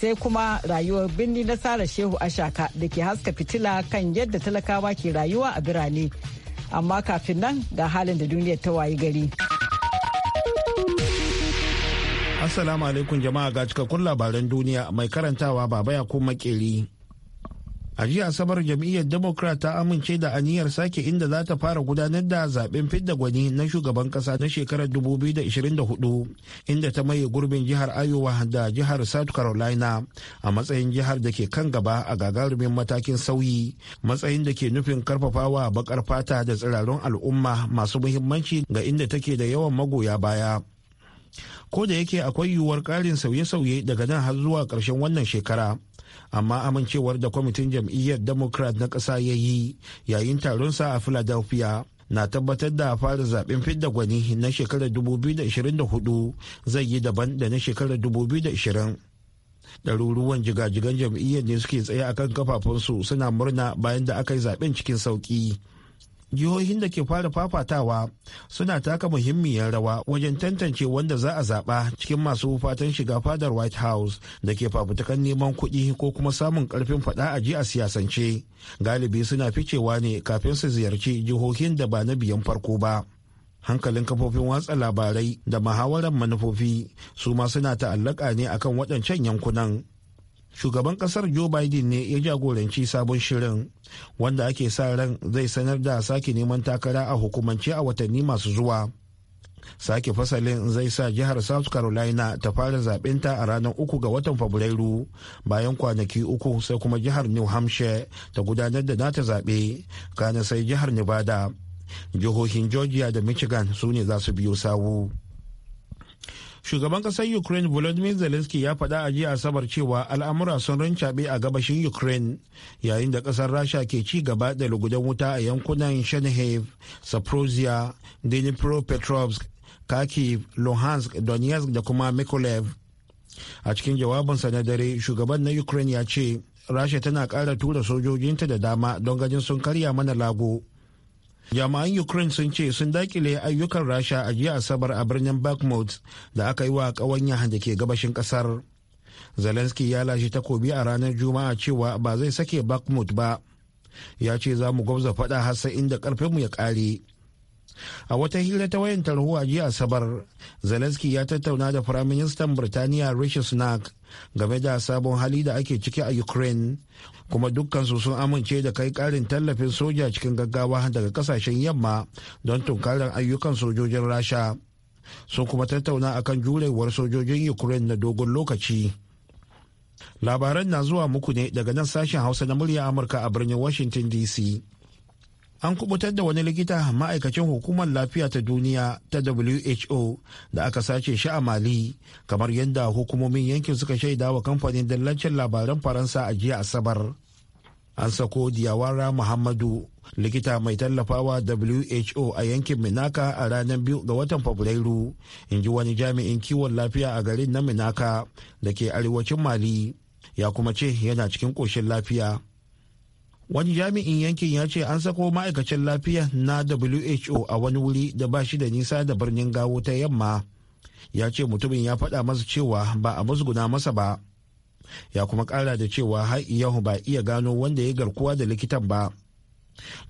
sai kuma rayuwar birni na Sara Shehu Ashaka da ke haska fitila kan yadda talakawa ke rayuwa a birane. Amma kafin nan ga halin da duniyar ta wayi gari. Assalamu alaikum jama'a ga cikakkun labaran duniya mai karantawa baba ya kuma makeri. a jiya asabar jam'iyyar democrat ta amince da aniyar sake inda za ta fara gudanar da zaben fidda gwani na shugaban kasa na shekarar 2024 inda ta maye gurbin jihar iowa da jihar south carolina a matsayin jihar da ke kan gaba a gagarumin matakin sauyi matsayin da ke nufin karfafawa bakar fata da tsirarun al'umma masu muhimmanci ga inda take da yawan magoya baya ko da yake akwai yiwuwar ƙarin sauye-sauye daga nan har zuwa ƙarshen wannan shekara amma amincewar da kwamitin jam'iyyar democrat na ƙasa ya yi yayin taronsa a philadelphia na tabbatar da fara zaben fidda gwani na shekarar 2024 zai yi daban da na shekarar 2020 ɗaruruwan jiga-jigan jam'iyyar ne suke tsaye a kan kafafunsu suna murna bayan da aka yi zaben cikin sauƙi jihohin da ke fara fafatawa suna taka muhimmiyar rawa wajen tantance wanda za a zaɓa cikin masu fatan shiga fadar white house da ke fafutukan neman kuɗi ko kuma samun ƙarfin faɗa a ji a siyasance galibi suna ficewa ne kafin su ziyarci jihohin da ba na biyan farko ba hankalin kafofin watsa labarai da muhawarar manufofi su ma suna ta'allaka ne akan waɗancan yankunan shugaban kasar joe biden ne ya jagoranci sabon shirin wanda ake sa ran zai sanar da sake neman takara a hukumance a watanni masu zuwa sake fasalin zai sa jihar south carolina ta fara ta a ranar uku ga watan fabrairu bayan kwanaki uku sai kuma jihar new hampshire ta gudanar da nata zaɓe kana sai jihar nevada jihohin georgia da michigan su ne za su biyo sawu. shugaban kasar ukraine volodymyr zelensky ya faɗa a jiya asabar cewa al'amura sun rincaɓe a gabashin ukraine yayin da ƙasar rasha ke ci gaba da lugudan wuta a yankunan shenhev saprosia dnipropetrovsk kharkiv luhansk donetsk da kuma mikolev a cikin jawabinsa na dare shugaban na ukraine ya ce rasha tana ƙara tura sojojinta da dama don ganin sun karya mana lago jama'an ukraine sun ce sun dakile ayyukan rasha a jiya asabar a birnin bakhmut da aka yi wa ƙawanya da ke gabashin kasar zelensky ya lashe takobi a ranar juma'a cewa ba zai sake bakhmut ba ya ce za mu gwamza faɗa har sai inda mu ya kare. a wata hira ta wayan tarho a jiya asabar zelensky ya tattauna da firaministan birtaniya rishi sunak game da sabon hali da ake ciki a ukraine kuma dukkansu sun amince da kai karin tallafin soja cikin gaggawa daga kasashen yamma don tunkarar ayyukan sojojin rasha sun kuma tattauna akan jurewar sojojin ukraine na dogon lokaci labaran na zuwa muku ne daga nan sashen hausa na murya amurka a birnin washington dc an kubutar da wani likita ma'aikacin hukumar lafiya ta duniya ta who da aka sace shi a mali kamar yadda hukumomin yankin suka shaida wa kamfanin dallacin labaran faransa a jiya asabar an sako diyawara muhammadu likita mai tallafawa who a yankin minaka a ranar biyu ga watan fabrairu in ji wani jami'in kiwon lafiya a garin na minaka da ke arewacin mali ya kuma ce yana cikin koshin lafiya wani jami'in yankin ya ce an sako ma'aikacin lafiya na who a wani wuri da ba shi da nisa da birnin gawo ta yamma ya ce mutumin ya faɗa masa cewa ba a musguna masa ba ya kuma kara da cewa har iyahu ba iya gano wanda ya garkuwa da likitan ba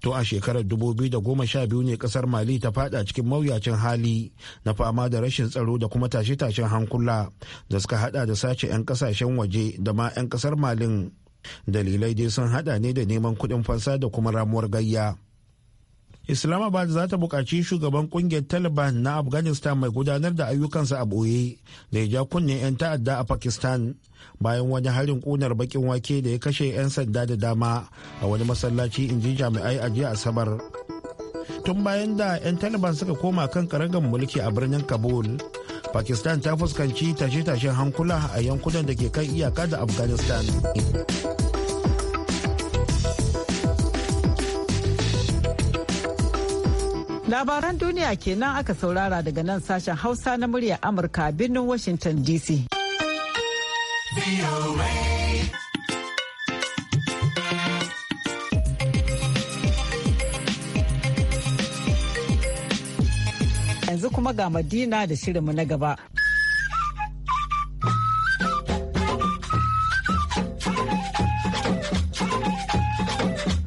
to a shekarar 2012 ne kasar mali ta fada cikin mawuyacin hali na fama da rashin tsaro da kuma tashe-tashen hankula da suka hada da sace 'yan kasashen waje da ma 'yan kasar malin dalilai dai sun hada ne da neman kuɗin fansa da kuma ramuwar gayya islamabad za ta buƙaci shugaban ƙungiyar taliban na afghanistan mai gudanar da ayyukansa a ɓoye da ya ja kunne 'yan ta'adda a pakistan bayan wani harin ƙunar baƙin wake da ya kashe 'yan sanda da dama a wani masallaci in ji jami'ai a jiya asabar tun bayan da 'yan taliban suka koma kan karagar mulki a birnin kabul pakistan ta fuskanci tashe-tashen hankula a yankunan da ke kan iyaka da afghanistan labaran duniya kenan aka saurara daga nan sashen hausa na murya amurka birnin washington dc yanzu kuma ga Madina da shirinmu na gaba.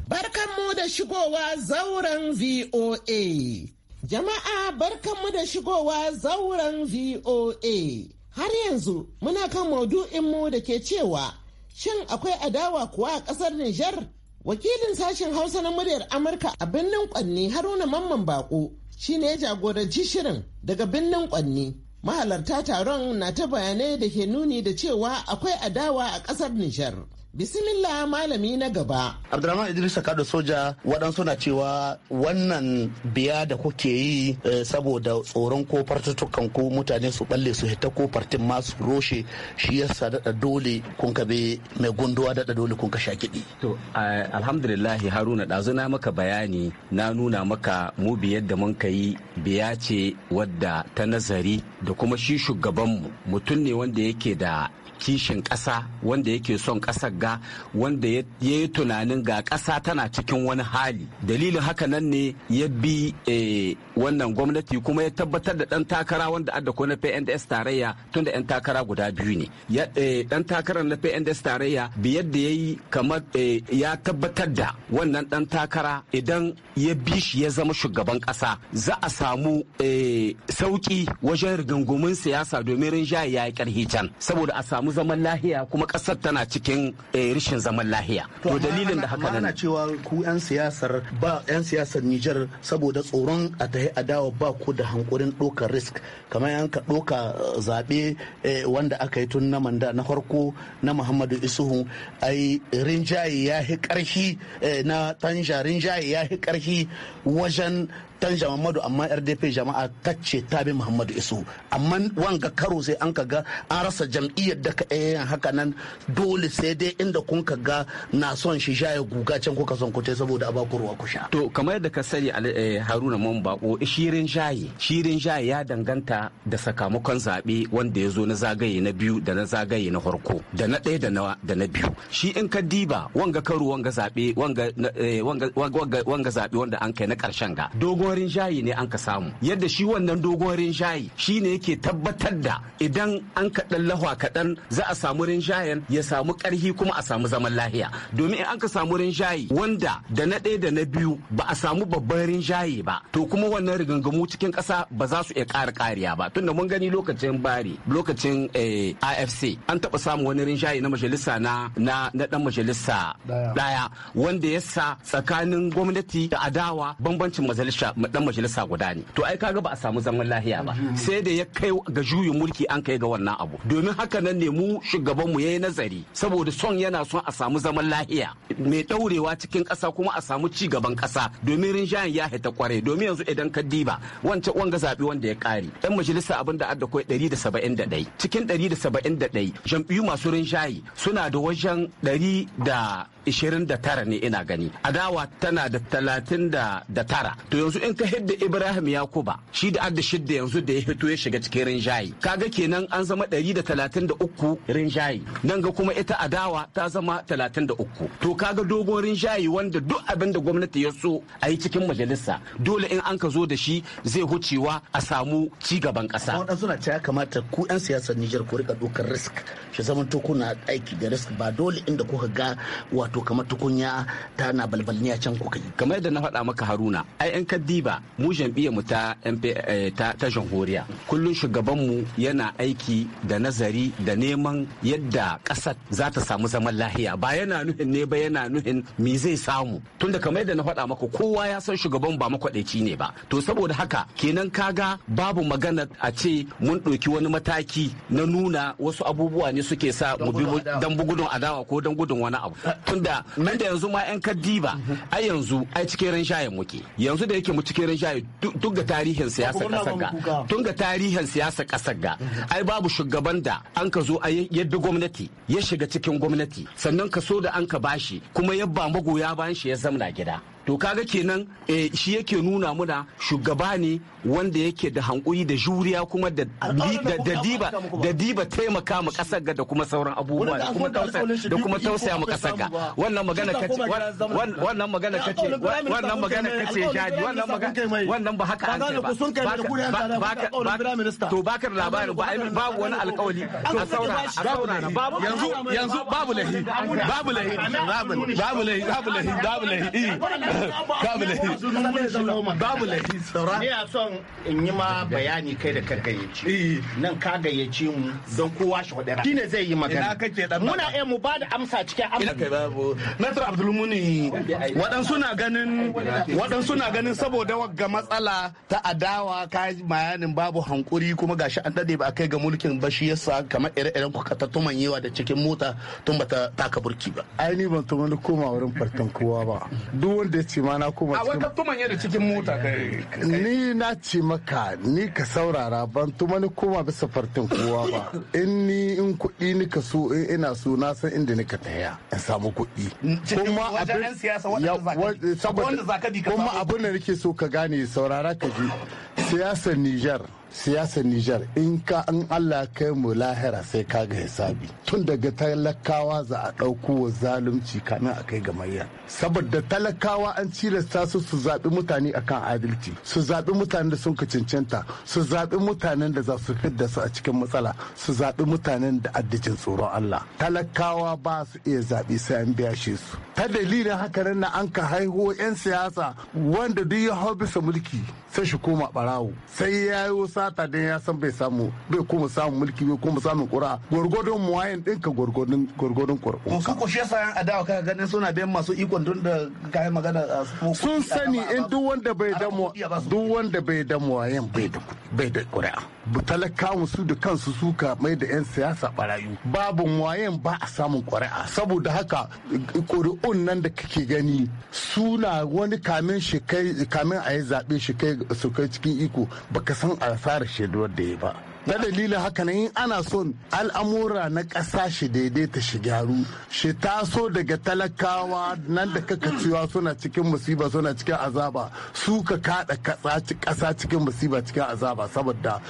Barkanmu da shigowa zauren VOA. Jama'a barkanmu da shigowa zauren VOA. Har yanzu muna kan maudu'inmu da ke cewa shin akwai adawa kuwa a ƙasar Nijar? Wakilin sashen Hausa na muryar Amurka a birnin Kwanne Haruna Mamman Bako shine ya jagoranci shirin daga birnin kwanni mahalarta taron na ta bayanai da ke nuni da cewa akwai adawa a ƙasar nijar Bismillah malami na gaba. Abdurahman Idris Kado Soja waɗansu na cewa wannan biya da kuke yi eh, saboda tsoron ko fartutukan ko mutane su balle su hita ko fartin ma su roshe shi yasa daɗa dole kun kabe mai gunduwa daɗa dole kun ka kiɗi To alhamdulillahi Haruna ɗazu na maka bayani na nuna maka mu biyar da mun yi biya ce wadda ta nazari da kuma shi shugabanmu mutum ne wanda yake da kishin ƙasa wanda yake son ƙasar ga wanda ya yi tunanin ga ƙasa tana cikin wani hali dalilin haka nan ne ya bi eh, wannan gwamnati kuma ya tabbatar da ɗan takara wanda adda ko na pnds tarayya tun da 'yan takara guda biyu ne eh, ɗan takarar na pnds tarayya biyar da ya yi kamar eh, ya tabbatar da wannan ɗan takara idan ya bi shi ya zama shugaban ƙasa za a samu sauƙi wajen rigangumin siyasa domin rinjaye ya yi can saboda a samu zaman lahiya kuma kasar tana cikin eh, rishin zaman lahiya to dalilin da haka nan cewa ku yan siyasar ba yan siyasar nijar saboda tsoron a tahi adawa ba ku da hankurin ɗaukar risk kamar yan ka ɗauka eh, zaɓe eh, wanda aka yi tun na manda na farko na Muhammadu Isuhu ai rinjaye ya hi ƙarfi na tanja rinjaye ya hi ƙarfi wajen tan Muhammadu amma RDP jama'a kacce ta bi Muhammadu Isu amma wanga karo sai an ka ga an rasa jam'iyyar da ka yayin eh, haka nan dole sai dai inda kun ka ga na son shi ya guga can kuka son kutai saboda a baku ruwa ku sha. To kamar yadda ka sani eh, Haruna Mun Bako shirin jaye shirin jaye ya danganta da sakamakon zaɓe wanda ya zo na zagaye na biyu da na zagaye na farko da na ɗaya da na biyu shi in ka diba wanga karo wanga zaɓe wanga eh, wanga zaɓe wanda an kai na ƙarshen ga dogon dogon shayi ne an ka samu yadda shi wannan dogon shayi shi ne yake tabbatar da idan an kaɗan lahwa kaɗan za a samu rinjayen ya samu ƙarhi kuma a samu zaman lahiya domin in an ka samu rinjaye wanda da na ɗaya da na biyu ba a samu babban rinjaye ba to kuma wannan rigangamu cikin ƙasa ba za su iya ƙara ƙariya ba tunda mun gani lokacin bari lokacin eh, afc an taɓa samu wani rinjaye na majalisa na na ɗan majalisa ɗaya wanda ya sa tsakanin gwamnati da adawa bambancin majalisa dan majalisa guda ne to ai kaga ba a samu zaman lahiya ba sai da ya kai ga juyin mulki an kai ga wannan abu domin haka nan ne mu shugaban mu yayi nazari saboda son yana son a samu zaman lahiya mai daurewa cikin ƙasa kuma a samu ci gaban kasa domin rinjayen ya hita kwarai domin yanzu idan ka diba wancan wanga zabi wanda ya kare dan majalisa abin da adda koi 171 cikin 171 jam'iyyu masu rinjaye suna da wajen 100 da 29 ne ina gani adawa tana da 39 to yanzu in ka hidda ibrahim yakuba shi da adda shidda yanzu da ya fito ya shiga cikin rinjaye kaga kenan an zama 133 rinjaye nan ga kuma ita adawa ta zama 33 to kaga dogon rinjaye wanda duk abin da gwamnati ya so a yi cikin majalisa dole in an ka zo da shi zai hucewa a samu ci gaban kasa wannan suna ta kamata ku yan siyasar nijar ku rika dokar risk shi zaman to kuna aiki da risk ba dole inda kuka ga wato kamar tukunya ta na a can kuka yi kamar yadda na faɗa maka haruna ai kadiba. kaddiba mu jam'iyyar mu ta eh, ta ta jamhuriya kullun shugaban mu yana aiki da nazari da neman yadda ƙasar za ta samu zaman lahiya ba yana nuhin ne ba yana nuhin me zai samu tunda kamar yadda na faɗa maka kowa ya san shugaban ba makwaɗaici ne ba to saboda haka kenan kaga babu magana a ce mun ɗauki wani mataki na nuna wasu abubuwa ne suke sa mu bi dan bugudun adawa ko dan gudun wani abu tunda da yanzu ma yan kaddiba a yanzu ai cikin ran shayin muke yanzu da yake mu cikin ran shayi duk ga tarihin siyasar kasar ga tun ga tarihin siyasar kasar ga ai babu shugaban da an ka zo yadda gwamnati ya shiga cikin gwamnati sannan kaso da an ka bashi kuma yabba magoya bayan shi ya zamna gida to kaga kenan e, shi yake nuna muna shugaba ne wanda yake da hankuri da juriya kuma da, diba da diba taimaka ma kasar ga da kuma sauran abubuwa da kuma tausaya da ma kasar ga wannan magana kace wannan magana kace wannan magana kace jaji wannan magana wannan ba haka ake ba to baka da labarin ba babu wani alƙawari a saurara yanzu yanzu babu lahi babu lahi babu lahi babu lahi babu lahi babu laifi babu laifi saura ne a son in yi ma bayani kai da ka gayyaci eh. nan ka gayyaci mu don kowa shi hudura shine zai yi magana muna iya mu da amsa cikin amsa Nasir Abdulmuni waɗansu na ganin waɗansu na ganin saboda wagga matsala ta adawa ka bayanin babu hankuri kuma gashi an dade ba a kai ga mulkin ba shi yasa kamar ire-iren kukatattun yawa da cikin mota tun bata taka burki ba. Ai ban tuma koma wurin fartan kowa ba. Duk wanda ce ma na koma cikin. A wata tuman da cikin mota Ni na ce maka ni ka saurara ban tuma ni koma bisa fartin kowa ba. In ni in kuɗi ni ka so in ina so na san inda ni ka taya in samu kuɗi. Mm, kuma abin saboda kuma abin da nake so ka gane saurara ka ji siyasar Nijar. siyasar Nijar in ka an Allah kai mu lahira sai ka ga hisabi tun daga talakawa za a ɗauko wa zalunci kamin a kai gamayya saboda talakawa an cilasta su su zaɓi mutane akan adalci su zaɓi mutanen da sun ka cancanta su zaɓi mutanen da za su fidda su a cikin matsala su zaɓi mutanen da addicin tsoron Allah talakawa ba su iya zaɓi sai an biya shi su ta dalilin haka nan an ka haihuwa 'yan siyasa wanda duk ya hau bisa mulki sai shi koma ɓarawo sai ya yi sata dan ya san bai samu bai kuma samun mulki bai kuma samun kura gwargwadon muwayin ɗinka gwargwadon kura. kurkun su ku shesa yan adawa kaga ganin suna bayan masu ikon don da kai magana sun sani in duk wanda bai da duk wanda bai da muwayin bai da bai da kuri'a talakawan su da kansu suka mai da 'yan siyasa barayu babu wayen ba a samun kwari'a saboda haka ƙuri'un nan da kake gani suna wani kamin shekai kamin a yi zaɓe shekai su kai cikin iko baka san a asarar shaiduwar da ya ba na dalilin haka nan in ana son al'amura na ƙasa shi daidai ta shi gyaru shi taso daga talakawa nan da kaka cewa suna cikin musiba suna cikin azaba su ka kada ƙasa cikin musiba cikin azaba saboda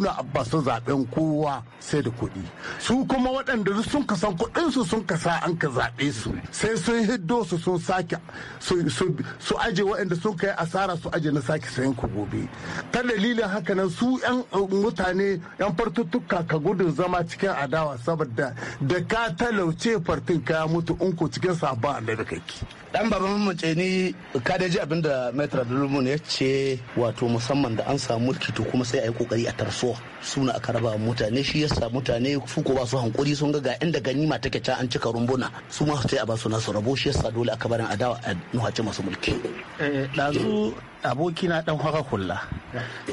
na abba su zaben kowa sai da kuɗi su kuma waɗanda sun ka san kuɗin su sun ka sa an ka zaɓe su sai sun hiddo su sun sake su aje waɗanda sun kai asara su aje na sake sayan ku gobe ta dalilin haka nan su 'yan mutane yan fartuttuka ka gudun zama cikin adawa saboda da ka talauce fartin ka mutu in ku cikin sabon annabi kake dan baban mace ni ka da ji abinda metra dulumun ya ce wato musamman da an samu mulki to kuma sai a yi kokari a tarso suna aka raba mutane shi yasa mutane su ko ba su hankuri sun ga ga inda ganima take can an cika rumbuna su ma sai a ba su nasu rabo shi yasa dole aka barin adawa a nuhaci masu mulki dazu eh, abokina dan haka kulla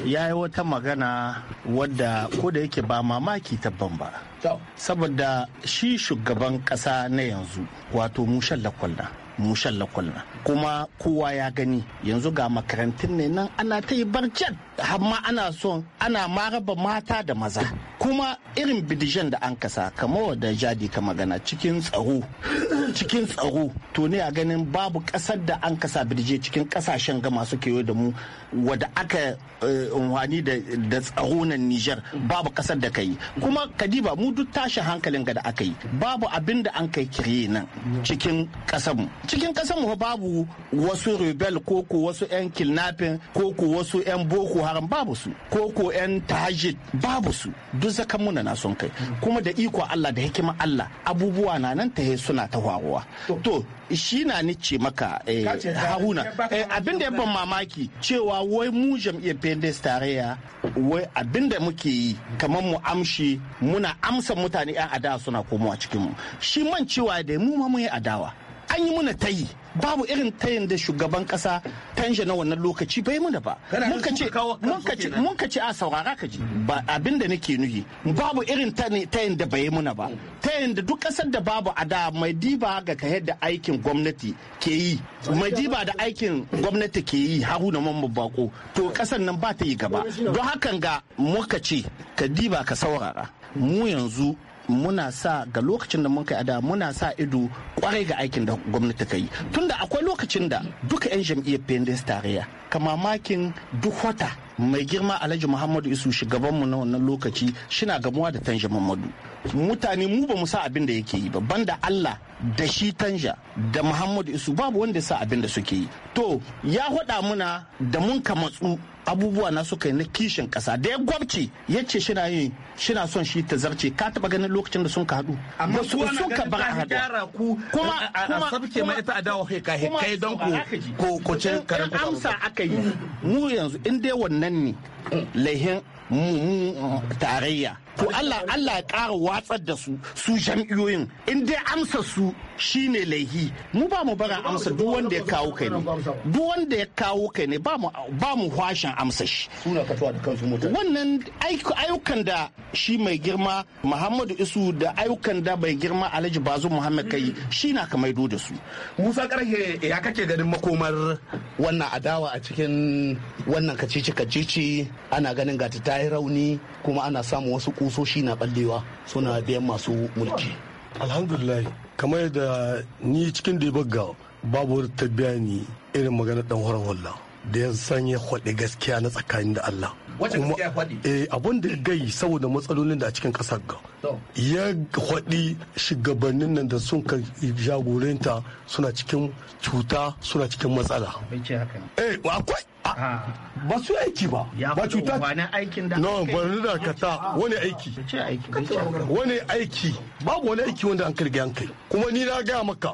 ya yi wata magana wadda ko da yake ba mamaki tabban ba saboda shi shugaban kasa na yanzu wato mushen lakwalna mu lakwal na kuma kowa ya gani yanzu ga makarantun ne nan ana ta yi barjan amma ana so ana maraba mata da maza kuma irin bidijan da an kasa kamar da jadi ka magana cikin tsaro cikin tsaro to ne a ganin babu kasar da an kasa bidije cikin kasashen ga masu kewaye da mu wadda aka eh, unhwani da tsaro nan Nijar babu kasar da kai kuma kadiba mu duk tashin hankalin ga da aka yi babu abin da an kai kiri nan cikin kasar mu cikin kasan mu babu wasu rebel ko ko wasu yan kidnapping ko ko wasu yan boko haram babu su ko ko yan tahajjud babu su duk zakan muna na son kai mm. kuma da iko Allah da hikima Allah abubuwa na nan ta suna ta waruwa. to shi na ni ce maka eh, haruna eh, abin da ya ban mamaki cewa wai mu jam'iyyar pendes tarayya wai abin da muke yi kamar mu amshi muna amsa mutane yan adawa suna komawa cikin mu shi man cewa da mu ma mun yi adawa an yi muna tayi babu irin tayin da shugaban kasa tanje na wannan lokaci bai muna ba mun ka ce a saurara ka ji ba abin da nake nuhi babu irin tayin da bai muna ba tayin da duk kasar da babu a da mai diba ga ka yadda aikin gwamnati ke yi mai diba da aikin gwamnati ke yi haruna mamman bako to kasar nan ba ta yi gaba don hakan ga muka ce ka diba ka saurara mu yanzu muna sa ga lokacin da mun kai ada muna sa ido kwarai ga aikin da gwamnati ka yi tunda akwai lokacin da duka 'yan jam'iyyar pendes tarayya kama makin duk wata mai girma alhaji muhammadu isu shugabanmu na wannan lokaci shina gamuwa da tanja muhammadu mutane mu ba mu sa abin da yake yi ba banda allah da shi tanja da muhammadu isu babu wanda sa abin da suke yi to ya hada muna da mun matsu abubuwa na suka yi na kishin kasa da ya gwabce ya ce shina yi shina son shi ta zarce ka taba ganin lokacin da sun ka hadu? amma su sun ka bar haɗu kuma a sabke ma ita adawa kai ka kai don ko ko ce amsa aka mu yanzu in dai wannan ne laihin mu tarayya to Allah Allah ya ƙara watsar da su su jam'iyoyin in dai amsa su shine laihi mu ba mu bara amsa duk wanda ya kawo kai ne duk wanda ya kawo kai ne ba mu ba mu hwashin amsa shi suna fatuwa da kansu mutane wannan ayyukan da shi mai girma Muhammadu Isu da ayyukan da bai girma Alhaji Bazum Muhammad kai shi na ka maido da su Musa Karhe ya kake ganin makomar wannan adawa a cikin wannan kacici kacici ana ganin gata ta yi rauni kuma ana samun wasu kusoshi na ballewa suna biyan masu mulki alhamdulillah kamar da ni cikin da bagga babu wani tabiya ni irin magana dan horon wallah da ya sanya kwaɗe gaskiya na tsakanin da Allah. Eh, abun da ya gai saboda matsalolin da a cikin ƙasar ga. Ya kwaɗi shugabannin nan da sun ka jagoranta suna cikin cuta suna cikin matsala. Eh, akwai Ah. ba su aiki ba ba cuta no bari da kata wani aiki wani aiki babu wani aiki wanda an kirga an kai kuma ni na gaya maka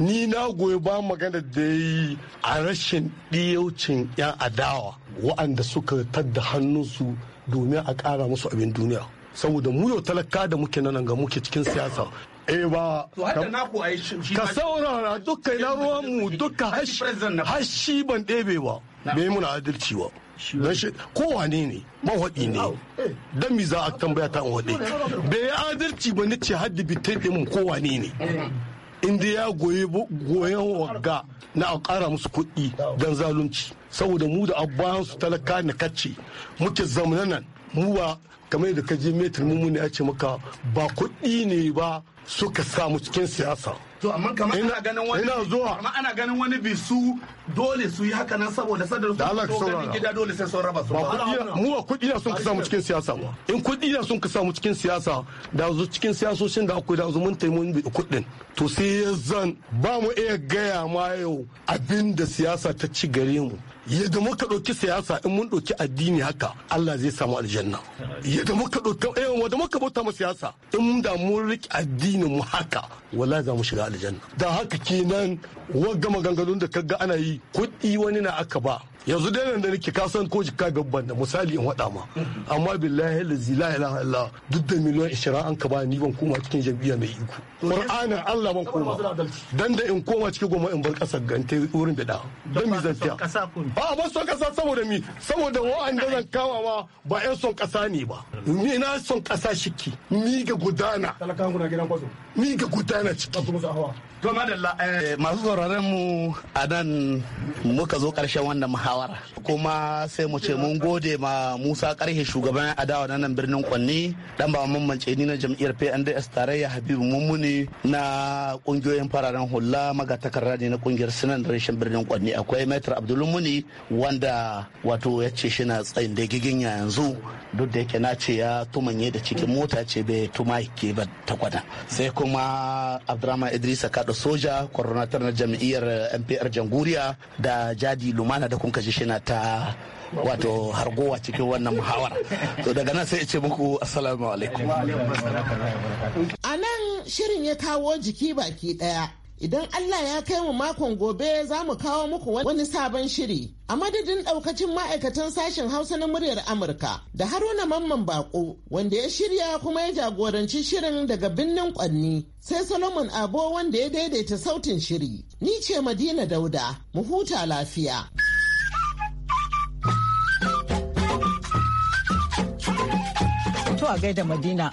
ni na goyi ba magana da yi a rashin diyaucin yan adawa wa'anda suka tadda hannunsu domin a kara musu abin duniya saboda mu yau talaka da muke nan ga muke cikin siyasa eh ba ka saurara duka na ruwanmu mu duka hashi ban ɗebe ba bai muna adalci ba don shi kowane ne mawaɗi ne eh. don mi za a tambaya ta waɗe bai adalci ba ni ce haddi bitai ɗin kowane ne eh. inda ya goye goyon wagga na a ƙara musu kuɗi don zalunci saboda mu da abuwan su talaka na kacce muke zamana nan mu ba kamar da ka je metin mu ya a ce maka ba kuɗi ne ba suka samu cikin siyasa to amma kamar ana ganin wani ina zuwa amma ana ganin wani su dole su yi haka nan saboda sadar su Allah ka saurara gida dole sai sun raba su mu wa kudi na sun ka samu cikin siyasa in kudi na sun ka samu cikin siyasa da zu cikin siyasoshin da akwai da zu mun taimu mun bi kudin to sai ya zan ba mu iya gaya ma yau abin da siyasa ta ci gare mu yadda muka ɗauki siyasa in mun ɗauki addini haka Allah zai samu aljanna yadda muka ɗauki eh wanda muka bauta mu siyasa in da mun riƙe addinin mu haka wallahi za mu shiga aljanna da haka kenan wagga maganganun da kaga ana yi kuɗi wani na aka ba yanzu dai da nake ka san ko jikka gabban da misali in wada ma amma billahi la ilaha illallah duk da miliyan 20 an ka ba ni ban koma cikin jam'iyya mai iko qur'anin Allah ban koma dan da in koma cikin goma in bar kasar gante wurin da da dan mi zantiya a ba son kasa saboda mi saboda wa'anda zan kawa ma ba yan son kasa ne ba ni na son kasa shiki ni ga gudana talakan guna gidan kwazo ni ga gudana ciki To madalla eh, masu sauraron mu a nan muka zo karshen wannan muhawara kuma sai mu ce mun gode ma Musa Karhe shugaban adawa na nan birnin Kwanni dan ba mamance ni na jam'iyyar PNDS tarayya Habibu Mummuni na ƙungiyoyin fararen hula magatakarda ne na kungiyar da rashin birnin Kwanni akwai Maitar Abdul Mummuni wanda wato ya ce shi na tsayin da gigin yanzu duk da yake na ce ya tumanye da cikin mota ce bai tuma ke ba ta kwada sai kuma Abdurrahman Idris Kado soja kwarnatar na jam'iyyar mpr eh, janguriya da jadi lumana da kun kaji shi ta wato hargowa cikin wannan muhawara to daga nan sai ce muku assalamu alaikum a nan shirin ya kawo jiki baki daya Idan Allah ya kai mu makon gobe za mu kawo muku wani sabon shiri. A madadin ɗaukacin ma'aikatan sashen Hausa na muryar Amurka da Haruna Mamman Bako wanda ya shirya kuma ya jagoranci shirin daga birnin Kwanni sai Solomon Abo wanda ya daidaita sautin shiri. Ni ce Madina Dauda, mu huta lafiya. To a gaida Madina.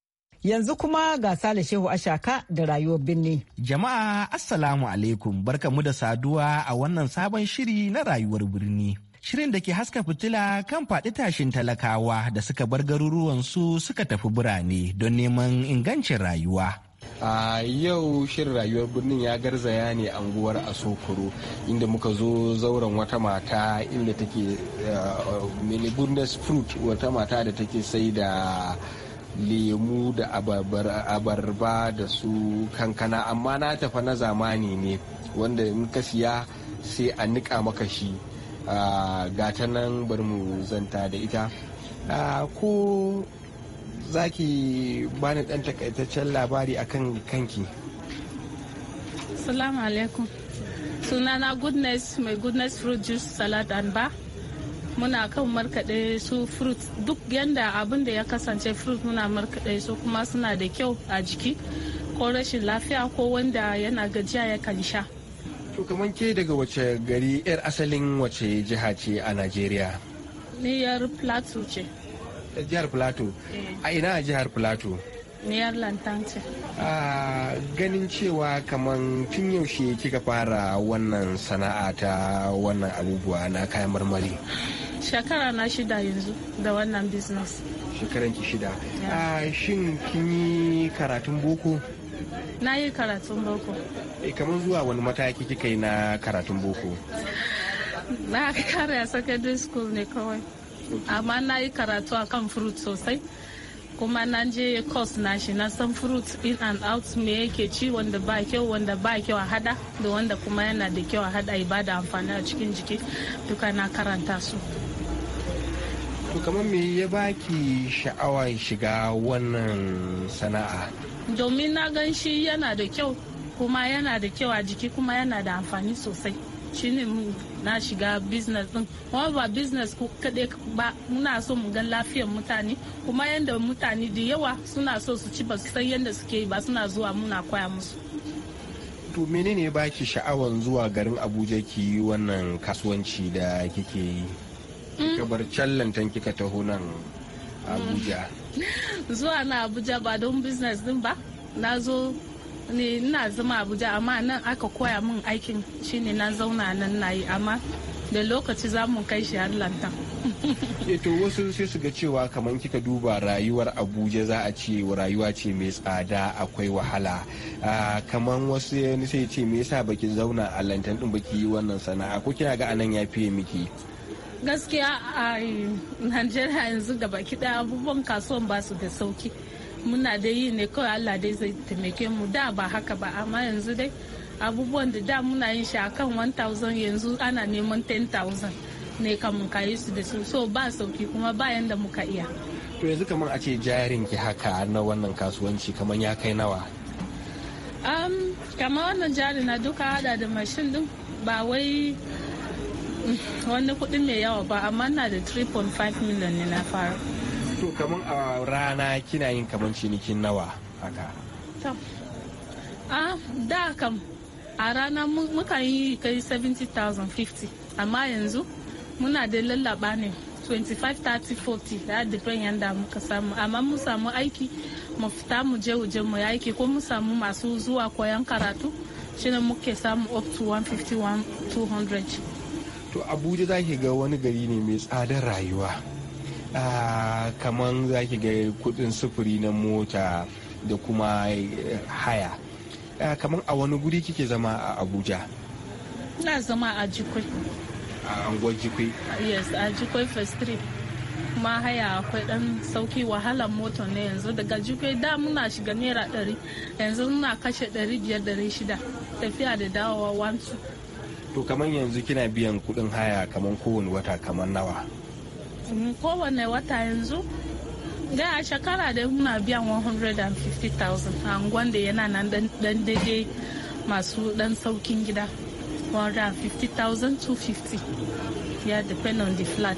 Yanzu kuma ga Sale Shehu Ashaka da rayuwar birni. Jama'a Assalamu alaikum barkamu da saduwa a wannan sabon shiri na rayuwar birni. Shirin da ke haska fitila kan faɗi tashin talakawa da suka bar garuruwan su suka tafi birane don neman ingancin rayuwa. a yau shirin rayuwar birnin ya garzaya ne anguwar asokoro inda muka zo zauren wata mata inda take uh, mini fruit wata mata da take sai da lemu da abarba da su kankana amma na tafa na zamani ne wanda in ka siya sai a niƙa maka shi gata nan bari mu zanta da ita ko za ki bani ɗan takaitaccen labari akan kanki salamu alaikum sunana goodness my goodness fruit juice salad and bar muna kan markaɗe su fruit duk yanda abin da ya kasance fruit muna markaɗe su kuma suna da kyau a jiki ko rashin lafiya ko wanda yana gajiya ya kan sha to kamar ke daga wace gari yar asalin wace jiha ce a najeriya niyar plateau ce jihar plateau eh. a ina a jihar plateau niyar lantan ce a ganin cewa kamar tun yaushe kika fara wannan sana'a ta wannan abubuwa na kayan marmari shekara na shida yanzu da wannan business shekaran ki shida a ah, shin kin yi karatun boko na yi karatun boko e eh, kamar zuwa wani mataki kika yi na karatun boko na kare a secondary school ne kawai amma na yi karatu a kan fruit sosai kuma na je course na shi na san fruit in and out me yake ci wanda ba kyau wanda ba kyau a hada da wanda kuma yana da kyau a hada ibada amfani a cikin jiki duka na karanta su to kamar me ya baki sha'awa shiga wannan sana'a domin na gan shi yana da kyau kuma yana da kyau a jiki kuma yana da amfani sosai shi ne na shiga business din kuma ba business kaɗai ba muna so mu gan lafiyar mutane kuma yadda mutane da yawa suna so su ci ba su san yadda suke yi ba suna zuwa muna koya musu to menene baki sha'awan zuwa garin abuja ki wannan kasuwanci da kike yi Mm. kika bar can lantan kika taho nan abuja mm. zuwa na abuja ba don business din ba na zo ne ina zama abuja amma nan aka koya min aikin shine na zauna nan na yi amma da lokaci za mu kai shi har lantan eh, to wasu sai su ga cewa kamar kika duba rayuwar abuja za a ce rayuwa ce mai tsada akwai wahala ah, kamar wasu sai ce me yasa baki zauna a lantan din baki yi wannan sana'a ko kina ga anan ya fiye miki gaskiya a najeriya yanzu gaba baki daya abubuwan kasuwan ba su da sauki muna da yi ne kawai allah dai zai taimake mu da ba haka ba amma yanzu dai abubuwan da da muna yin shi akan 1000 yanzu ana neman 10000 ne kamun ka yi su da su so ba sauki kuma bayan da muka iya to yanzu kamar a ce jarin ki haka na wannan kasuwanci kamar ya kai nawa kamar wannan jari na duka hada da mashin din ba wai wani kuɗi mai yawa ba amma na da 3.5 million ne na fara to kamar a rana kina yin kamar cinikin nawa haka a da kam a rana muka yi kai 70,050 amma yanzu muna da lallaba ne 25-30-40 ya dipen yadda muka samu amma mu samu aiki mu fita mu je waje mu aiki ko mu samu masu zuwa koyon karatu shine muke samu up to 151 200 to abuja za ki ga wani gari ne mai tsadar rayuwa ah, kamar za ki ga kudin sufuri na mota da kuma eh, haya ah, kamar a wani guri kike zama a abuja na zama a jikwai a anguwar jikwai yes a jikwai first trip kuma haya akwai dan sauki wahalar mota ne yanzu daga jikwai da muna shiga naira ɗari yanzu muna kashe ɗari biyar ɗari shida tafiya da dawowa to kamar yanzu kina biyan kuɗin haya kamar kowane wata kamar nawa mm, kowane wata yanzu da a shekara da muna biyan 150,000 a angon da yana nan dan daidai masu dan saukin gida 150,000 250 ya depend on the flat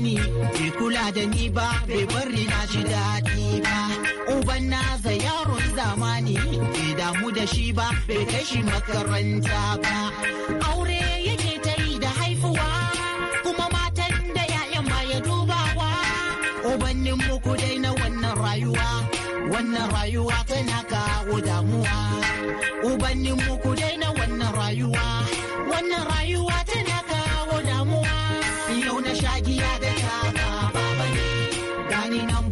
ni bai kula da ni ba bai bari na ji daɗi ba uban za yaron zamani bai damu da shi ba bai kai shi makaranta ba aure yake ta yi da haifuwa kuma matan da yayan ba ya dubawa ubannin muku dai na wannan rayuwa wannan rayuwa tana kawo damuwa ubannin muku dai na wannan rayuwa wannan rayuwa tana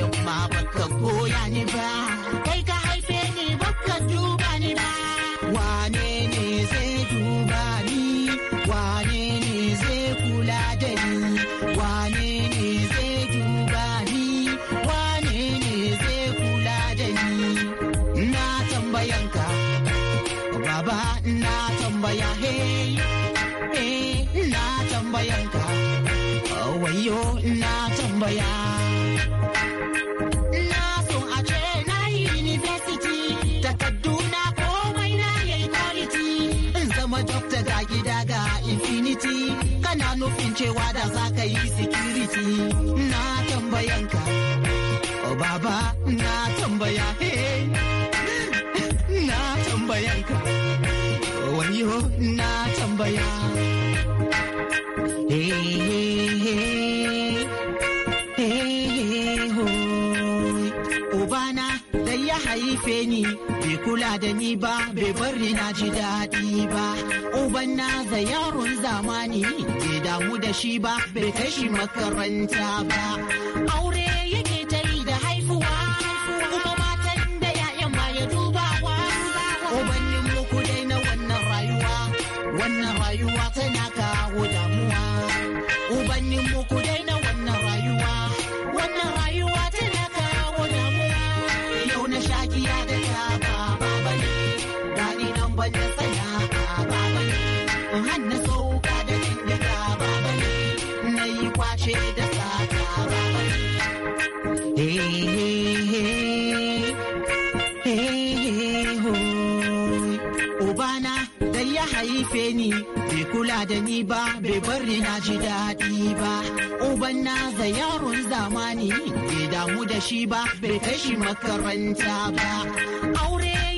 yamma baka koya ni ba kai ka haife ni baka duba ni ba wane ne zai duba ni wane ne zai kula da ni wane ne zai duba ni wane ne zai kula da ni na tambayanka baba na tambaya hey eh na tambayanka wayo na tambaya cewa da za ka yi security na tambayanka oh, baba na tambaya eh, na tambayanka oh, wani na tambaya kula da ni ba bai bari na ji daɗi ba uban na za yaron zamani bai damu da shi ba bai kai shi makaranta ba aure bari na ji daɗi ba uban na za yaron zamani bai damu da shi ba bai kai shi makaranta ba aure